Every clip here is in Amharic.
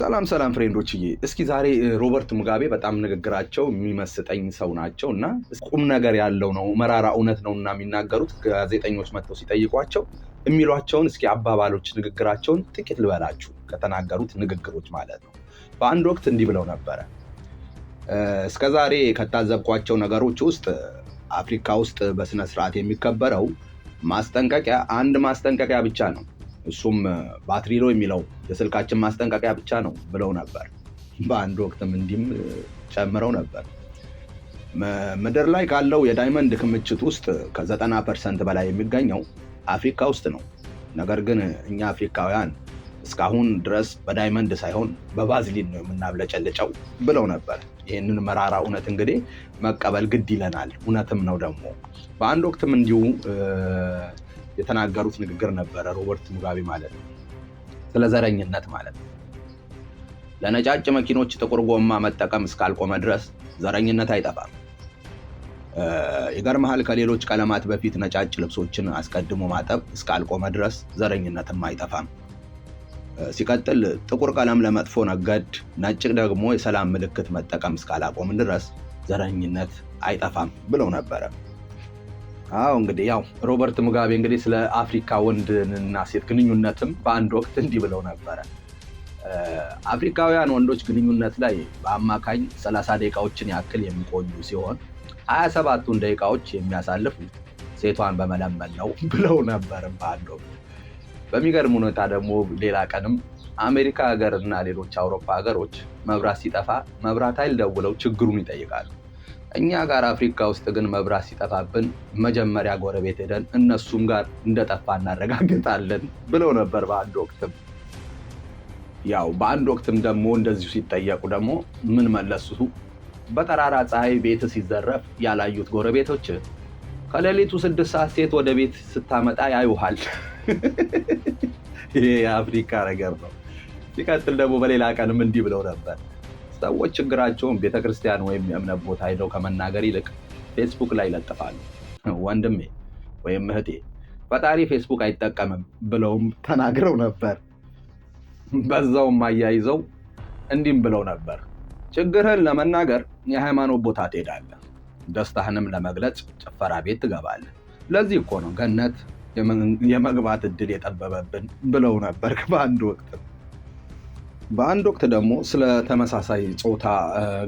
ሰላም ሰላም ፍሬንዶችዬ፣ እስኪ ዛሬ ሮበርት ሙጋቤ በጣም ንግግራቸው የሚመስጠኝ ሰው ናቸው እና ቁም ነገር ያለው ነው፣ መራራ እውነት ነው እና የሚናገሩት ጋዜጠኞች መጥተው ሲጠይቋቸው የሚሏቸውን እስኪ አባባሎች፣ ንግግራቸውን ጥቂት ልበላችሁ ከተናገሩት ንግግሮች ማለት ነው። በአንድ ወቅት እንዲህ ብለው ነበረ። እስከዛሬ ከታዘብኳቸው ነገሮች ውስጥ አፍሪካ ውስጥ በስነስርዓት የሚከበረው ማስጠንቀቂያ አንድ ማስጠንቀቂያ ብቻ ነው እሱም ባትሪ ነው የሚለው የስልካችን ማስጠንቀቂያ ብቻ ነው ብለው ነበር። በአንድ ወቅትም እንዲህም ጨምረው ነበር። ምድር ላይ ካለው የዳይመንድ ክምችት ውስጥ ከዘጠና ፐርሰንት በላይ የሚገኘው አፍሪካ ውስጥ ነው። ነገር ግን እኛ አፍሪካውያን እስካሁን ድረስ በዳይመንድ ሳይሆን በቫዝሊን ነው የምናብለጨልጨው ብለው ነበር። ይህንን መራራ እውነት እንግዲህ መቀበል ግድ ይለናል። እውነትም ነው ደግሞ በአንድ ወቅትም እንዲሁ የተናገሩት ንግግር ነበረ። ሮበርት ሙጋቤ ማለት ነው፣ ስለ ዘረኝነት ማለት ነው። ለነጫጭ መኪኖች ጥቁር ጎማ መጠቀም እስካልቆመ ድረስ ዘረኝነት አይጠፋም። ይገርምሃል፣ ከሌሎች ቀለማት በፊት ነጫጭ ልብሶችን አስቀድሞ ማጠብ እስካልቆመ ድረስ ዘረኝነትም አይጠፋም። ሲቀጥል ጥቁር ቀለም ለመጥፎ ነገድ፣ ነጭ ደግሞ የሰላም ምልክት መጠቀም እስካላቆም ድረስ ዘረኝነት አይጠፋም ብለው ነበረ። አዎ እንግዲህ ያው ሮበርት ሙጋቤ እንግዲህ ስለ አፍሪካ ወንድና ሴት ግንኙነትም በአንድ ወቅት እንዲህ ብለው ነበረ። አፍሪካውያን ወንዶች ግንኙነት ላይ በአማካኝ 30 ደቂቃዎችን ያክል የሚቆዩ ሲሆን 27ቱን ደቂቃዎች የሚያሳልፉት ሴቷን በመለመን ነው ብለው ነበር በአንድ ወቅት። በሚገርም ሁኔታ ደግሞ ሌላ ቀንም አሜሪካ ሀገር እና ሌሎች አውሮፓ ሀገሮች መብራት ሲጠፋ መብራት ኃይል ደውለው ችግሩን ይጠይቃሉ። እኛ ጋር አፍሪካ ውስጥ ግን መብራት ሲጠፋብን መጀመሪያ ጎረቤት ሄደን እነሱም ጋር እንደጠፋ እናረጋግጣለን ብለው ነበር በአንድ ወቅትም። ያው በአንድ ወቅትም ደግሞ እንደዚሁ ሲጠየቁ ደግሞ ምን መለሱ? በጠራራ ፀሐይ ቤት ሲዘረፍ ያላዩት ጎረቤቶች ከሌሊቱ ስድስት ሰዓት ሴት ወደ ቤት ስታመጣ ያዩሃል። ይሄ የአፍሪካ ነገር ነው። ሲቀጥል ደግሞ በሌላ ቀንም እንዲህ ብለው ነበር ሰዎች ችግራቸውን ቤተክርስቲያን ወይም የእምነት ቦታ ሄደው ከመናገር ይልቅ ፌስቡክ ላይ ይለጥፋሉ። ወንድሜ ወይም እህቴ ፈጣሪ ፌስቡክ አይጠቀምም ብለውም ተናግረው ነበር። በዛውም አያይዘው እንዲህም ብለው ነበር፣ ችግርህን ለመናገር የሃይማኖት ቦታ ትሄዳለህ፣ ደስታህንም ለመግለጽ ጭፈራ ቤት ትገባለህ። ለዚህ እኮ ነው ገነት የመግባት እድል የጠበበብን ብለው ነበር በአንድ ወቅት። በአንድ ወቅት ደግሞ ስለ ተመሳሳይ ጾታ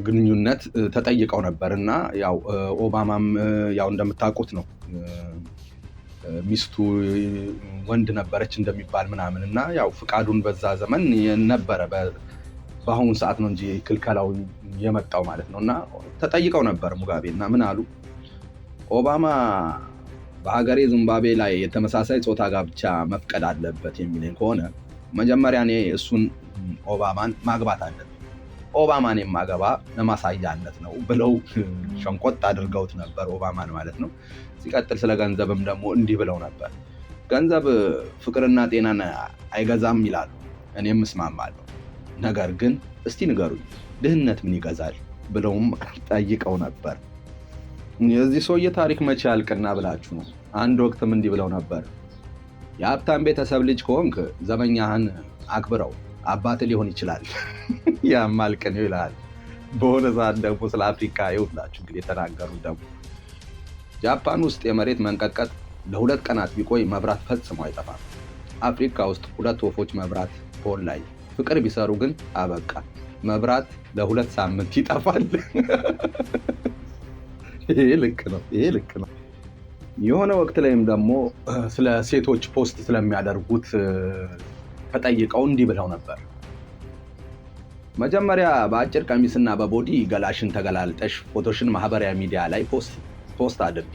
ግንኙነት ተጠይቀው ነበር እና ያው ኦባማም ያው እንደምታውቁት ነው ሚስቱ ወንድ ነበረች እንደሚባል ምናምን እና ያው ፍቃዱን በዛ ዘመን ነበረ። በአሁኑ ሰዓት ነው እንጂ ክልከላው የመጣው ማለት ነው። እና ተጠይቀው ነበር ሙጋቤ እና ምን አሉ ኦባማ በሀገሬ ዚምባብዌ ላይ የተመሳሳይ ፆታ ጋብቻ መፍቀድ አለበት የሚለኝ ከሆነ መጀመሪያ እኔ እሱን ኦባማን ማግባት አለ ኦባማን የማገባ ለማሳያነት ነው ብለው ሸንቆጥ አድርገውት ነበር፣ ኦባማን ማለት ነው። ሲቀጥል ስለ ገንዘብም ደግሞ እንዲህ ብለው ነበር፣ ገንዘብ ፍቅርና ጤናን አይገዛም ይላሉ። እኔም እስማማለሁ። ነገር ግን እስቲ ንገሩኝ፣ ድህነት ምን ይገዛል ብለውም ጠይቀው ነበር። የዚህ ሰውዬ ታሪክ መቼ ያልቅና ብላችሁ ነው። አንድ ወቅትም እንዲህ ብለው ነበር፣ የሀብታም ቤተሰብ ልጅ ከሆንክ ዘመኛህን አክብረው አባት ሊሆን ይችላል። ያማልቅ ነው ይልሃል። በሆነ ሰዓት ደግሞ ስለ አፍሪካ ይሁላችሁ እንግዲህ የተናገሩ ደግሞ ጃፓን ውስጥ የመሬት መንቀጥቀጥ ለሁለት ቀናት ቢቆይ መብራት ፈጽሞ አይጠፋም። አፍሪካ ውስጥ ሁለት ወፎች መብራት ፖል ላይ ፍቅር ቢሰሩ ግን አበቃ። መብራት ለሁለት ሳምንት ይጠፋል። ይሄ ልክ ነው። ይሄ ልክ ነው። የሆነ ወቅት ላይም ደግሞ ስለ ሴቶች ፖስት ስለሚያደርጉት ተጠይቀው እንዲህ ብለው ነበር። መጀመሪያ በአጭር ቀሚስና በቦዲ ገላሽን ተገላልጠሽ ፎቶሽን ማህበራዊ ሚዲያ ላይ ፖስት አድርጊ።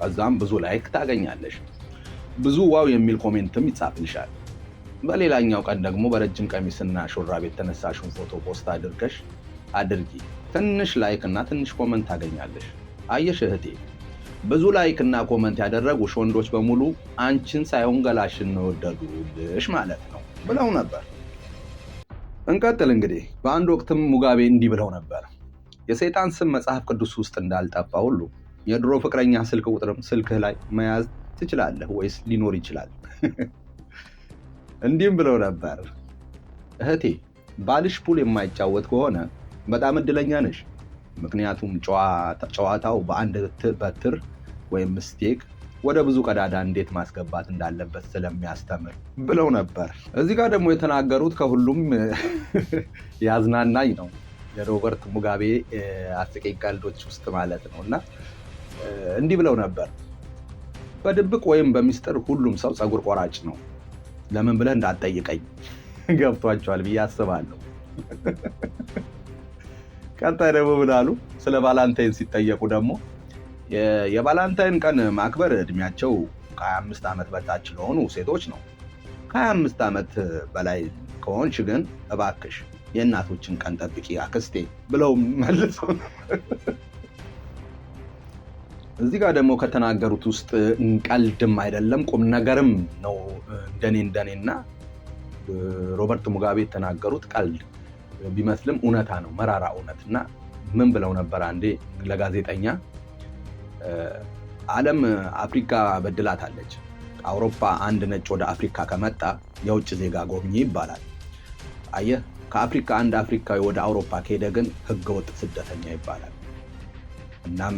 ከዛም ብዙ ላይክ ታገኛለሽ፣ ብዙ ዋው የሚል ኮሜንትም ይጻፍልሻል። በሌላኛው ቀን ደግሞ በረጅም ቀሚስና ሹራብ የተነሳሽውን ፎቶ ፖስት አድርገሽ አድርጊ። ትንሽ ላይክ እና ትንሽ ኮመንት ታገኛለሽ። አየሽ እህቴ፣ ብዙ ላይክ እና ኮመንት ያደረጉሽ ወንዶች በሙሉ አንቺን ሳይሆን ገላሽን ነው የወደዱልሽ ማለት ነው። ብለው ነበር። እንቀጥል እንግዲህ። በአንድ ወቅትም ሙጋቤ እንዲህ ብለው ነበር። የሰይጣን ስም መጽሐፍ ቅዱስ ውስጥ እንዳልጠፋ ሁሉ የድሮ ፍቅረኛ ስልክ ቁጥርም ስልክህ ላይ መያዝ ትችላለህ ወይስ ሊኖር ይችላል? እንዲህም ብለው ነበር። እህቴ ባልሽ ፑል የማይጫወት ከሆነ በጣም እድለኛ ነሽ። ምክንያቱም ጨዋታው በአንድ በትር ወይም ምስቴክ ወደ ብዙ ቀዳዳ እንዴት ማስገባት እንዳለበት ስለሚያስተምር ብለው ነበር። እዚህ ጋር ደግሞ የተናገሩት ከሁሉም ያዝናናኝ ነው። የሮበርት ሙጋቤ አስቂኝ ቀልዶች ውስጥ ማለት ነው እና እንዲህ ብለው ነበር። በድብቅ ወይም በሚስጥር ሁሉም ሰው ፀጉር ቆራጭ ነው። ለምን ብለህ እንዳትጠይቀኝ ገብቷቸዋል ብዬ አስባለሁ። ቀጣይ ደግሞ ምን አሉ? ስለ ቫላንታይን ሲጠየቁ ደግሞ የቫላንታይን ቀን ማክበር እድሜያቸው ከ25 ዓመት በታች ለሆኑ ሴቶች ነው። ከ25 ዓመት በላይ ከሆንሽ ግን እባክሽ የእናቶችን ቀን ጠብቂ አክስቴ ብለው መልሰው እዚህ ጋር ደግሞ ከተናገሩት ውስጥ እንቀልድም አይደለም ቁም ነገርም ነው። እንደኔ እንደኔና ሮበርት ሙጋቤ የተናገሩት ቀልድ ቢመስልም እውነታ ነው፣ መራራ እውነት እና ምን ብለው ነበር አንዴ ለጋዜጠኛ ዓለም አፍሪካ በድላታለች። አውሮፓ አንድ ነጭ ወደ አፍሪካ ከመጣ የውጭ ዜጋ ጎብኚ ይባላል። አየህ፣ ከአፍሪካ አንድ አፍሪካዊ ወደ አውሮፓ ከሄደ ግን ህገወጥ ስደተኛ ይባላል። እናም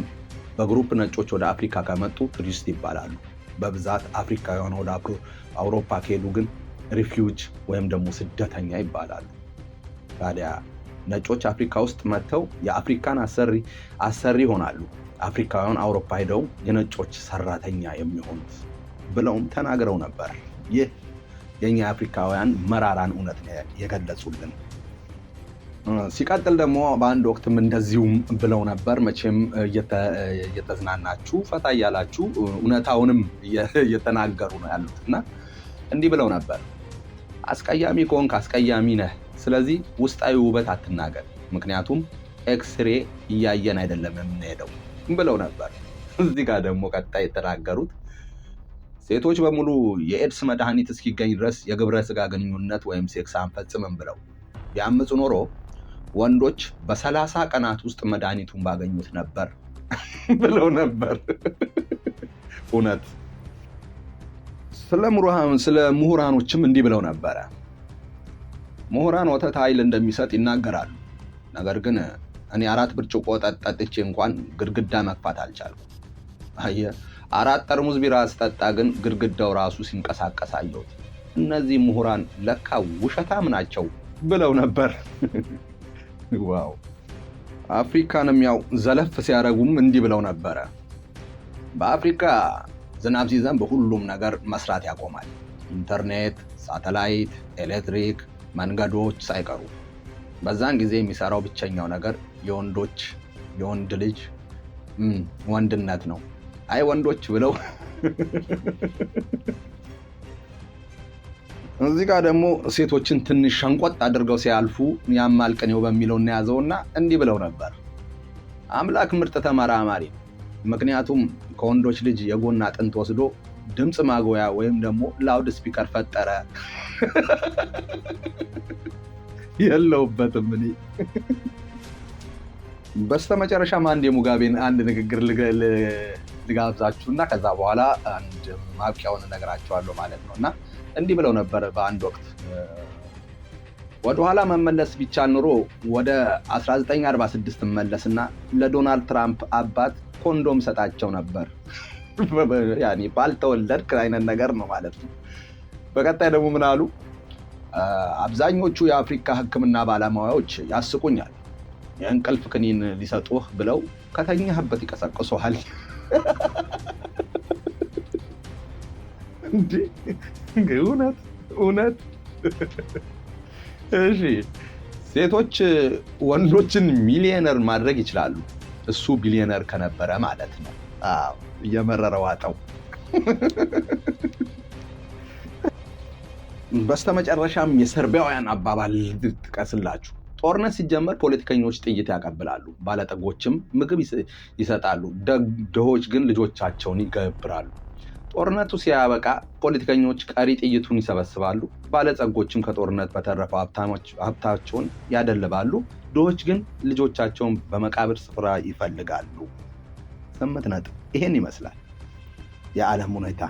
በግሩፕ ነጮች ወደ አፍሪካ ከመጡ ቱሪስት ይባላሉ። በብዛት አፍሪካውያን ወደ አውሮፓ ከሄዱ ግን ሪፊውጅ ወይም ደግሞ ስደተኛ ይባላሉ። ታዲያ ነጮች አፍሪካ ውስጥ መጥተው የአፍሪካን አሰሪ ይሆናሉ፣ አፍሪካውያን አውሮፓ ሄደው የነጮች ሰራተኛ የሚሆኑት ብለውም ተናግረው ነበር። ይህ የኛ አፍሪካውያን መራራን እውነት የገለጹልን። ሲቀጥል ደግሞ በአንድ ወቅትም እንደዚሁም ብለው ነበር። መቼም እየተዝናናችሁ ፈታ እያላችሁ እውነታውንም እየተናገሩ ነው ያሉት እና እንዲህ ብለው ነበር አስቀያሚ ከሆንክ አስቀያሚ ነህ ስለዚህ ውስጣዊ ውበት አትናገር፣ ምክንያቱም ኤክስሬ እያየን አይደለም የምንሄደው ብለው ነበር። እዚህ ጋር ደግሞ ቀጣይ የተናገሩት ሴቶች በሙሉ የኤድስ መድኃኒት እስኪገኝ ድረስ የግብረ ስጋ ግንኙነት ወይም ሴክስ አንፈጽምም ብለው ቢያምፁ ኖሮ ወንዶች በሰላሳ ቀናት ውስጥ መድኃኒቱን ባገኙት ነበር ብለው ነበር። እውነት ስለ ምሁራኖችም እንዲህ ብለው ነበረ። ምሁራን ወተት ኃይል እንደሚሰጥ ይናገራሉ። ነገር ግን እኔ አራት ብርጭቆ ወተት ጠጥቼ እንኳን ግድግዳ መግፋት አልቻል። አየህ፣ አራት ጠርሙዝ ቢራ ስጠጣ ግን ግድግዳው ራሱ ሲንቀሳቀስ አየሁት። እነዚህ ምሁራን ለካ ውሸታም ናቸው ብለው ነበር። ዋው! አፍሪካንም ያው ዘለፍ ሲያደርጉም እንዲህ ብለው ነበረ። በአፍሪካ ዝናብ ሲዘንብ ሁሉም ነገር መስራት ያቆማል። ኢንተርኔት፣ ሳተላይት፣ ኤሌክትሪክ መንገዶች ሳይቀሩ። በዛን ጊዜ የሚሰራው ብቸኛው ነገር የወንዶች የወንድ ልጅ ወንድነት ነው። አይ ወንዶች ብለው እዚህ ጋር ደግሞ ሴቶችን ትንሽ ሸንቆጥ አድርገው ሲያልፉ ያማልቅኔው በሚለው እናያዘውና እንዲህ ብለው ነበር። አምላክ ምርጥ ተመራማሪ ነው። ምክንያቱም ከወንዶች ልጅ የጎን አጥንት ወስዶ ድምፅ ማጉያ ወይም ደግሞ ላውድ ስፒከር ፈጠረ። የለውበትም እኔ። በስተመጨረሻም አንድ የሙጋቤን አንድ ንግግር ልጋብዛችሁ እና ከዛ በኋላ አንድ ማብቂያውን እነግራቸዋለሁ ማለት ነው እና እንዲህ ብለው ነበር በአንድ ወቅት ወደኋላ መመለስ ቢቻ ኑሮ ወደ 1946 እና ለዶናልድ ትራምፕ አባት ኮንዶም ሰጣቸው ነበር። ባልተወለድክ አይነት ነገር ነው ማለት ነው። በቀጣይ ደግሞ ምን አሉ? አብዛኞቹ የአፍሪካ ሕክምና ባለሙያዎች ያስቁኛል። የእንቅልፍ ክኒን ሊሰጡህ ብለው ከተኛህበት ይቀሰቅሱሃል። እውነት እውነት። እሺ፣ ሴቶች ወንዶችን ሚሊዮነር ማድረግ ይችላሉ። እሱ ቢሊዮነር ከነበረ ማለት ነው። እየመረረው አጠው በስተመጨረሻም የሰርቢያውያን አባባል ልጥቀስላችሁ ጦርነት ሲጀመር ፖለቲከኞች ጥይት ያቀብላሉ፣ ባለጠጎችም ምግብ ይሰጣሉ፣ ድሆች ግን ልጆቻቸውን ይገብራሉ። ጦርነቱ ሲያበቃ ፖለቲከኞች ቀሪ ጥይቱን ይሰበስባሉ፣ ባለጸጎችም ከጦርነት በተረፈው ሀብታቸውን ያደልባሉ፣ ድሆች ግን ልጆቻቸውን በመቃብር ስፍራ ይፈልጋሉ። ስምንት ነጥብ። ይህን ይመስላል የዓለም ሁኔታ።